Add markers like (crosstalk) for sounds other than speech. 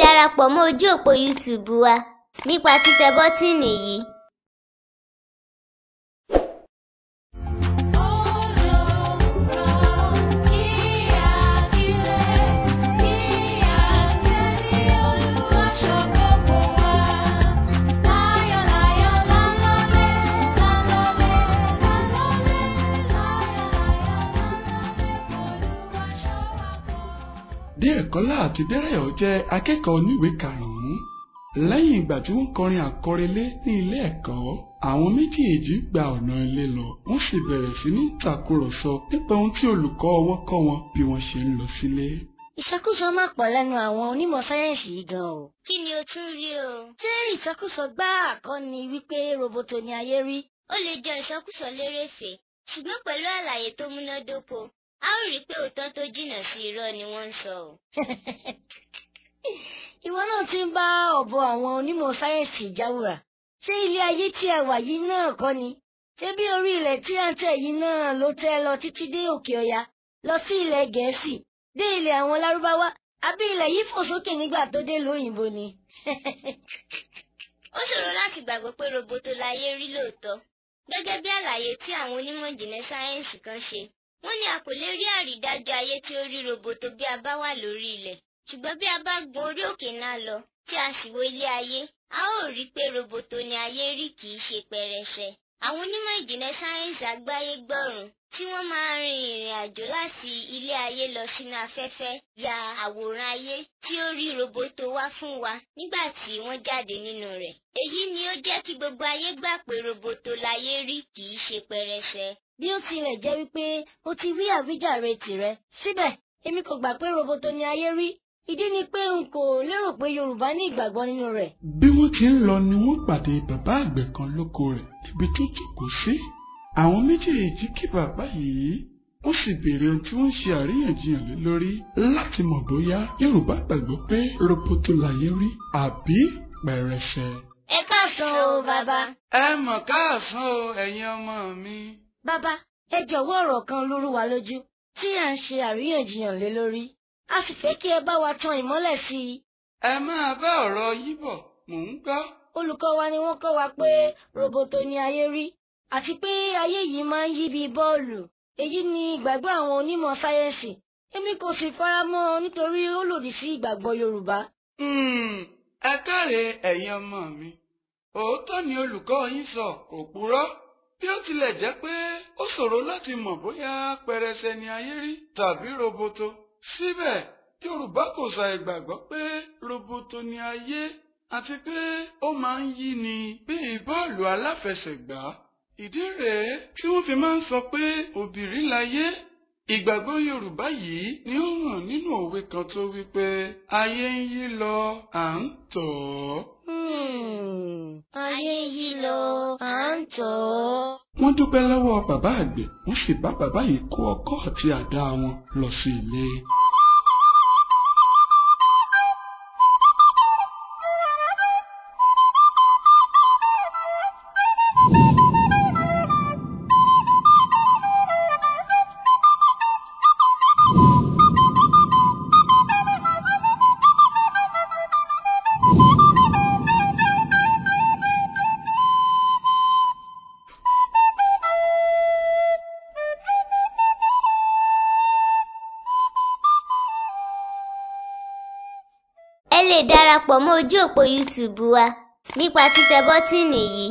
darapọ̀ mọ́ ojú òpó YouTube wa nípa títẹ bọ́tíìnì yìí Déèkọ́lá àti Dérayọ̀ jẹ́ akẹ́kọ̀ọ́ oníwèé karùn-ún. Lẹ́yìn ìgbà tí wọ́n kọrin àkọrelé ní ilé ẹ̀kọ́, àwọn méjèèjì gba ọ̀nà ilé lọ, wọ́n sì bẹ̀rẹ̀ sí ní tàkúrọ̀sọ nípa ohun tí olùkọ́ ọwọ́ kọ́ wọn bí wọ́n ṣe ń lọ sílé. Ìsọkúsọ máa pọ̀ lẹ́nu àwọn onímọ̀ sáyẹ́ǹsì yìí gan o. Kí ni o tún rí o? Ṣé ìsọkúsọ gbá àkọ́ni wípé roboto ni ayé rí? Ó lè jẹ́ ìsọkúsọ lérèfé, ṣùgbọ́n pẹ̀lú àlàyé tó múnádóko a ó rí i pé òótọ́ tó jìnnà sí irọ́ ni wọ́n ń sọ o. (laughs) ìwọ náà ti ń bá ọ̀bọ àwọn onímọ̀ sáyẹ́ǹsì jáwúra ṣé ilé ayé tí ẹ wà yìí náà kọ́ ni ṣé bí orí ilẹ̀ tí à ń tẹ̀ yìí náà ló tẹ́ lọ títí dé òkè ọya lọ sí ilẹ̀ gẹ̀ẹ́sì dé ilẹ̀ àwọn lárúbáwá àbí ilẹ̀ yìí fò sókè nígbà tó dé lóyìnbó ni. (laughs) ó ṣòro láti gbàgbọ́ pé roboto láyé rí lóòótọ́ gẹ́gẹ́ bí àlàyé tí àwọn onímọ̀ ìjìnlẹ̀ sáyẹ́ǹsì kan ṣe wọ́n ní a kò lè rí àrídájú ayé tí ó rí roboto bí a bá wà lórí ilẹ̀ ṣùgbọ́n bí a bá gun orí òkè náà lọ tí a sì wo ilé ayé a ó rí pé roboto ni ayé rí kì í ṣe pẹrẹsẹ àwọn onímọ̀ ìjìnlẹ̀ sáyẹ́ǹsì àgbáyé gbọ́run tí wọ́n máa rin ìrìn àjò láti ilé ayé lọ sínú afẹ́fẹ́ ya àwòrán ayé tí ó rí roboto wá fún wa nígbà tí wọ́n jáde nínú rẹ̀. èyí ni ó jẹ́ kí gbogbo ayé gbà pé roboto láyé rí kì í ṣe pẹrẹsẹ. bí ó tilẹ̀ jẹ́ wípé o ti wí àwíjàre tìrẹ síbẹ̀ èmi kò gbà pé roboto ni ayé rí ìdí ni pé n kò lérò pé yorùbá ní ìgbàgbọ́ nínú rẹ̀. bí wọ́n ti ń lọ ni wọ́n pàdé bàbá àgbẹ̀ kan lóko rẹ̀ níbi tó jókòó sí. àwọn méjèèjì kí bàbá yìí wọ́n sì béèrè ohun tí wọ́n ń ṣe àríyànjiyàn lé lórí láti mọ̀ bóyá yorùbá gbàgbọ́ pé roboto láyé rí àbí pẹ̀rẹsẹ. ẹ káàsán o bàbá. ẹ mọ̀ káàsán o ẹ̀yin ọmọ mi. bàbá ẹ jọ̀wọ́ ọ̀rọ̀ kan ló wa lójú tí à ń ṣe àríyànjiyàn lé lórí a sì fẹ́ kí ẹ bá wa tan ìmọ́lẹ̀ sí i. ẹ máa bá ọ̀rọ̀ yìí bọ̀ mò ń gbọ́. olùkọ́ wa ni wọ́n kọ́ wa pé roboto ni ayé rí àti pé ayé yìí máa ń yí bí bọ́ọ̀lù èyí ni ìgbàgbọ́ àwọn onímọ̀ sáyẹ́ǹsì èmi kò sì faramọ́ nítorí ó lòdì sí ìgbàgbọ́ yorùbá. Hmm, ẹ káre ẹ̀yin ọmọ mi òótọ́ ni olùkọ́ yín sọ kò purọ́ bí ó tilẹ̀ jẹ́ pé ó ṣòro láti mọ̀ bóyá pẹrẹsẹ ni ayé rí tàbí roboto síbẹ̀ yorùbá kò ṣàì gbàgbọ́ pé roboto ni ayé àti pé ó máa ń yí ni bíi bọ́ọ̀lù aláfẹsẹ̀gbá ìdí rèé tí wọ́n fi máa ń sọ pé òbìrí láyé ìgbàgbọ́ yorùbá yìí ni ó hàn nínú òwe kan tó wí pé ayé ń yí lọ à ń tọ̀ ọ́. Hmm. ayé ń yí lọ à ń tọ̀ ọ́ wọ́n dúpẹ́ lọ́wọ́ bàbá àgbẹ̀ wọ́n sì bá bàbá yìí kó ọkọ́ àti àdá wọn lọ sí ilé. lè darapọ̀ mọ́ ojú òpó YouTube wa nípa títẹ bọ́tíìnì yìí